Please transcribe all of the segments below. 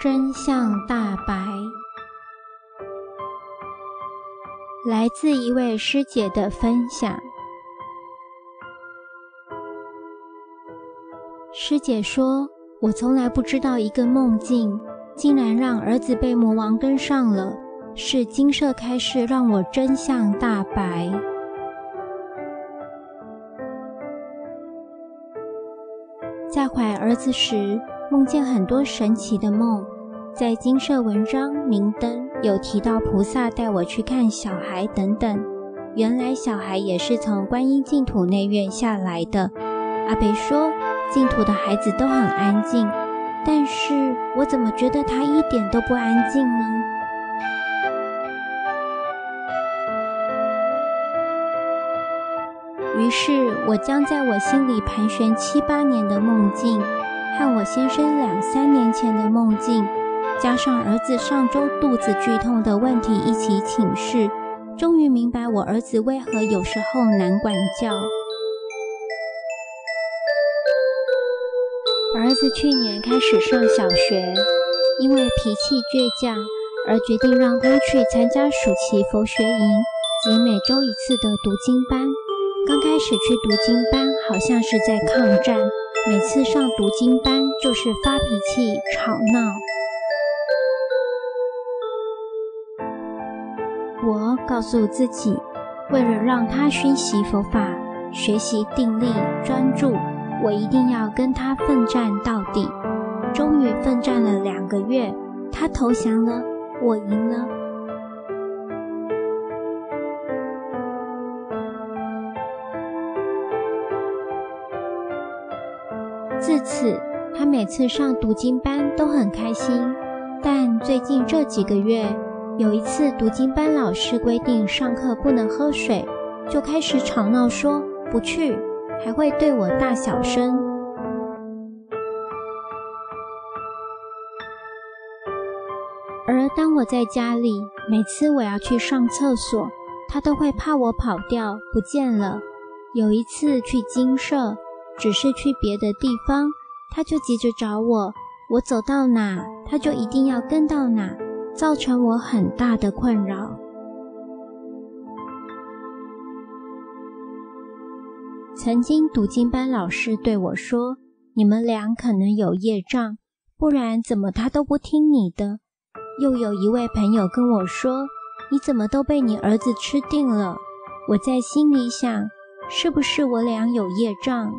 真相大白，來自一位師姐的分享。師姐說：“我從來不知道一個夢境竟然讓兒子被魔王跟上了，是精舍開示讓我真相大白。在懷兒子時。”夢見很多神奇的夢，在精舍文章明燈有提到菩薩帶我去看小孩等等。原來小孩也是從觀音淨土內院下來的。阿伯說，淨土的孩子都很安靜，但是我怎麼覺得他一點都不安靜呢？於是我將在我心裡盤旋七八年的夢境。看我先生兩三年前的夢境，加上兒子上周肚子劇痛的問題一起請示，終於明白我兒子為何有時候難管教。兒子去年開始上小學，因為脾氣倔強，而決定讓他去參加暑期佛學營及每周一次的讀經班。剛開始去讀經班，好像是在抗戰。每次上讀經班就是發脾氣、吵鬧。我告訴自己，為了讓他學習佛法、學習定力、專注，我一定要跟他奮戰到底。終於奮戰了兩個月，他投降了，我贏了。他每次上讀經班都很開心，但最近這幾個月，有一次讀經班老師規定上課不能喝水，就開始吵鬧說，說不去，還會對我大小聲。而當我在家裡，每次我要去上廁所，他都會怕我跑掉不見了。有一次去精舍，只是去別的地方。他就急着找我，我走到哪，他就一定要跟到哪，造成我很大的困擾。曾經讀經班老師對我說：“你們倆可能有業障，不然怎麼他都不聽你的？”又有一位朋友跟我說：“你怎麼都被你兒子吃定了？”我在心裡想：“是不是我倆有業障？”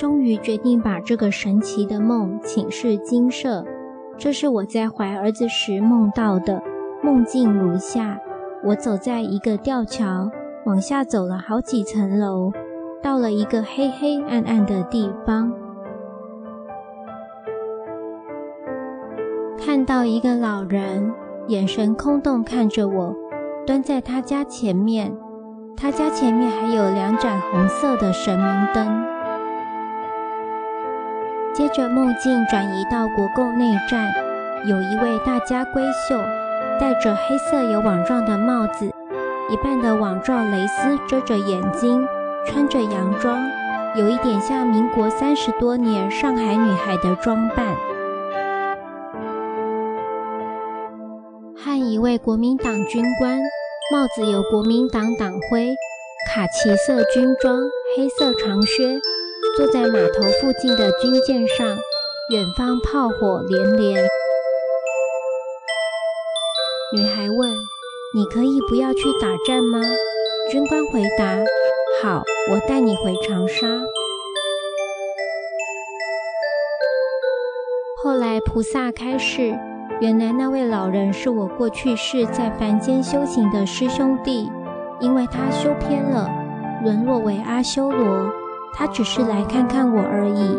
終於決定把這個神奇的夢請示精舍。這是我在懷兒子時夢到的。夢境如下：我走在一個吊橋，往下走了好幾層樓，到了一個黑黑暗暗的地方，看到一個老人，眼神空洞看着我，蹲在他家前面。他家前面還有兩盞紅色的神明燈。接着夢境轉移到國共內戰，有一位大家閨秀，戴着黑色有網狀的帽子，一半的網狀蕾絲遮着眼睛，穿着洋裝，有一點像民國三十多年上海女孩的裝扮。和一位國民黨軍官，帽子有國民黨黨徽，卡其色軍裝，黑色長靴。坐在碼頭附近的軍艦上，遠方炮火連連。女孩問：“你可以不要去打仗嗎？”軍官回答：“好，我帶你回長沙。”後來菩薩開示：“原來那位老人是我過去世在凡間修行的師兄弟，因為他修偏了，淪落為阿修羅。”他只是來看看我而已。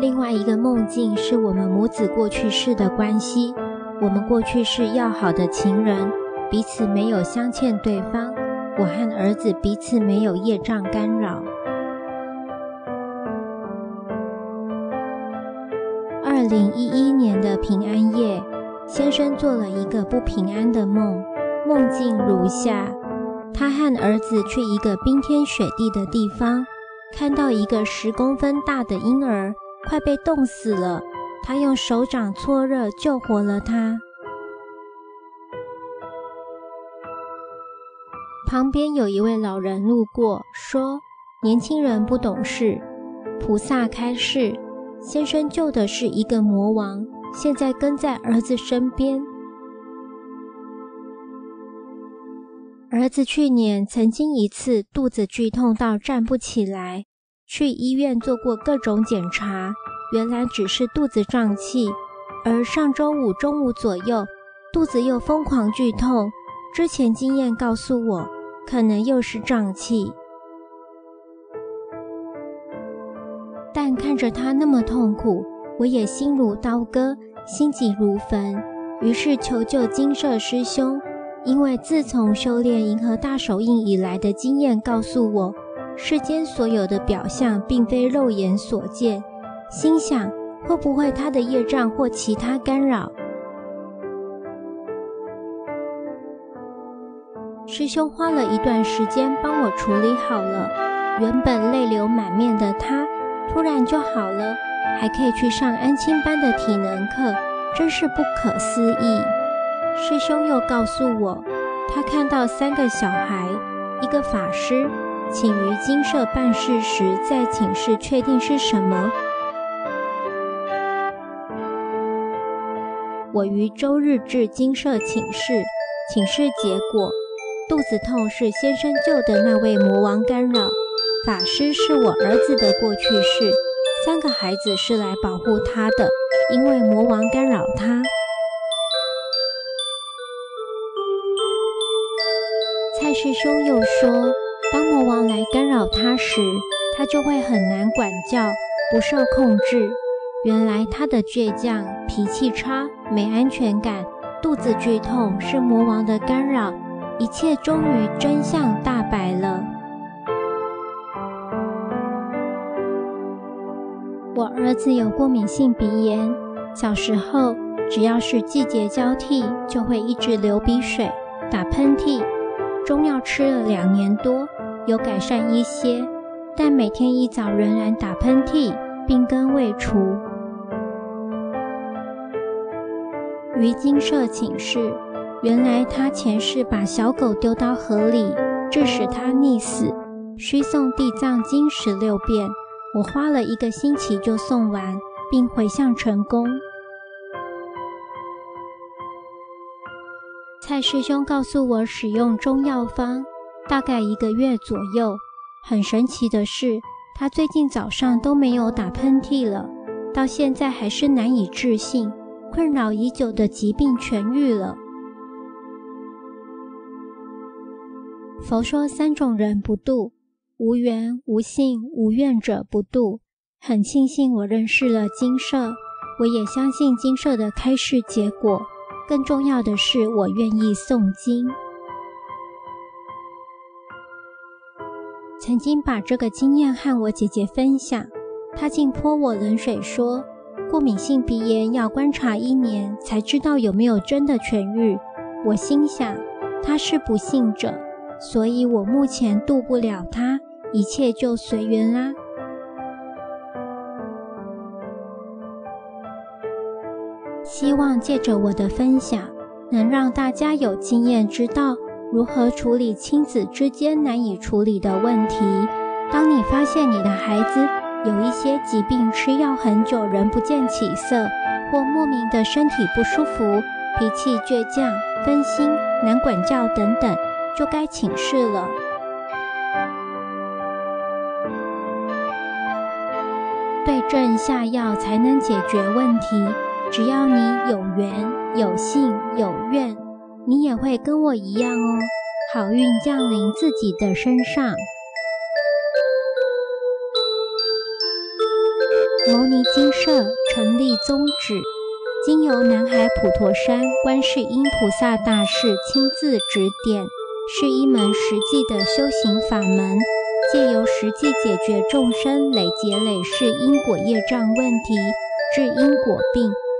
另外一個夢境是我們母子過去世的關係，我們過去世要好的情人，彼此沒有相欠對方，我和兒子彼此沒有業障干擾。二零一一年的平安夜，先生做了一個不平安的夢，夢境如下。他和兒子去一個冰天雪地的地方，看到一個十公分大的嬰兒快被凍死了，他用手掌搓熱救活了他。旁邊有一位老人路過，說：“年輕人不懂事。”菩薩開示：“先生救的是一個魔王，現在跟在兒子身邊。”兒子去年曾經一次肚子劇痛到站不起來，去醫院做過各種檢查，原來只是肚子脹氣。而上週五中午左右，肚子又瘋狂劇痛，之前經驗告訴我，可能又是脹氣。但看着他那麼痛苦，我也心如刀割，心急如焚，於是求救精舍師兄。因為自從修煉《銀河大手印》以來的經驗告訴我，世間所有的表象並非肉眼所見。心想會不會他的業障或其他干擾？師兄花了一段時間幫我處理好了，原本淚流滿面的他突然就好了，還可以去上安親班的體能課，真是不可思議。師兄又告訴我，他看到三個小孩，一個法師，請於精舍辦事時再請示確定是什麼。我於周日至精舍請示，請示結果，肚子痛是先生救的那位魔王干擾，法師是我兒子的過去世，三個孩子是來保護他的，因為魔王干擾他。師兄又說，當魔王來干擾他時，他就會很難管教，不受控制。原來他的倔強、脾氣差、沒安全感、肚子劇痛是魔王的干擾。一切終於真相大白了。我兒子有過敏性鼻炎，小時候只要是季節交替，就會一直流鼻水、打噴嚏。中藥吃了兩年多，有改善一些，但每天一早仍然打噴嚏，病根未除。於精舍請示，原來他前世把小狗丟到河裡，致使它溺死，需誦地藏經十六遍。我花了一個星期就誦完，並回向成功。蔡師兄告訴我，使用中藥方大概一個月左右。很神奇的是，他最近早上都沒有打噴嚏了，到現在還是難以置信，困擾已久的疾病痊癒了。佛說三種人不度：無緣、無信、無願者不度。很慶幸我認識了精舍，我也相信精舍的開示結果。更重要的是，我願意誦經。曾經把這個經驗和我姐姐分享，她竟潑我冷水說：“過敏性鼻炎要觀察一年才知道有沒有真的痊癒。”我心想，她是不幸者，所以我目前度不了她，一切就隨緣啦。希望借着我的分享，能讓大家有經驗知道如何處理親子之間難以處理的問題。當你發現你的孩子有一些疾病，吃藥很久仍不見起色，或莫名的身體不舒服、脾氣倔強、分心、難管教等等，就該請示了。對症下藥才能解決問題。只要你有緣、有幸、有願，你也會跟我一樣哦。好運降臨自己的身上。牟尼精舍成立宗旨，經由南海普陀山觀世音菩薩大士親自指點，是一門實際的修行法門，借由實際解決眾生累劫累世因果業障問題，治因果病。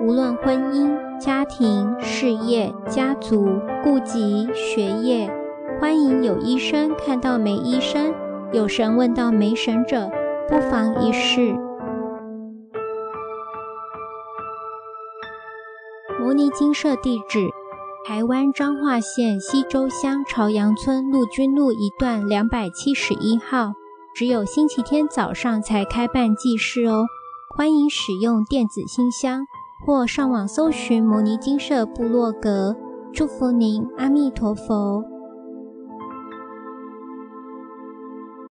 無論婚姻、家庭、事業、家族、痼疾、學業，歡迎有醫生看到沒醫生，有神問到沒神者，不妨一試。牟尼精舍地址：台灣彰化縣溪州鄉朝陽村陸軍路一段兩百七十一號。只有星期天早上才開辦濟世哦，歡迎使用電子信箱。或上網搜尋“牟尼精舍部落格”，祝福您，阿彌陀佛。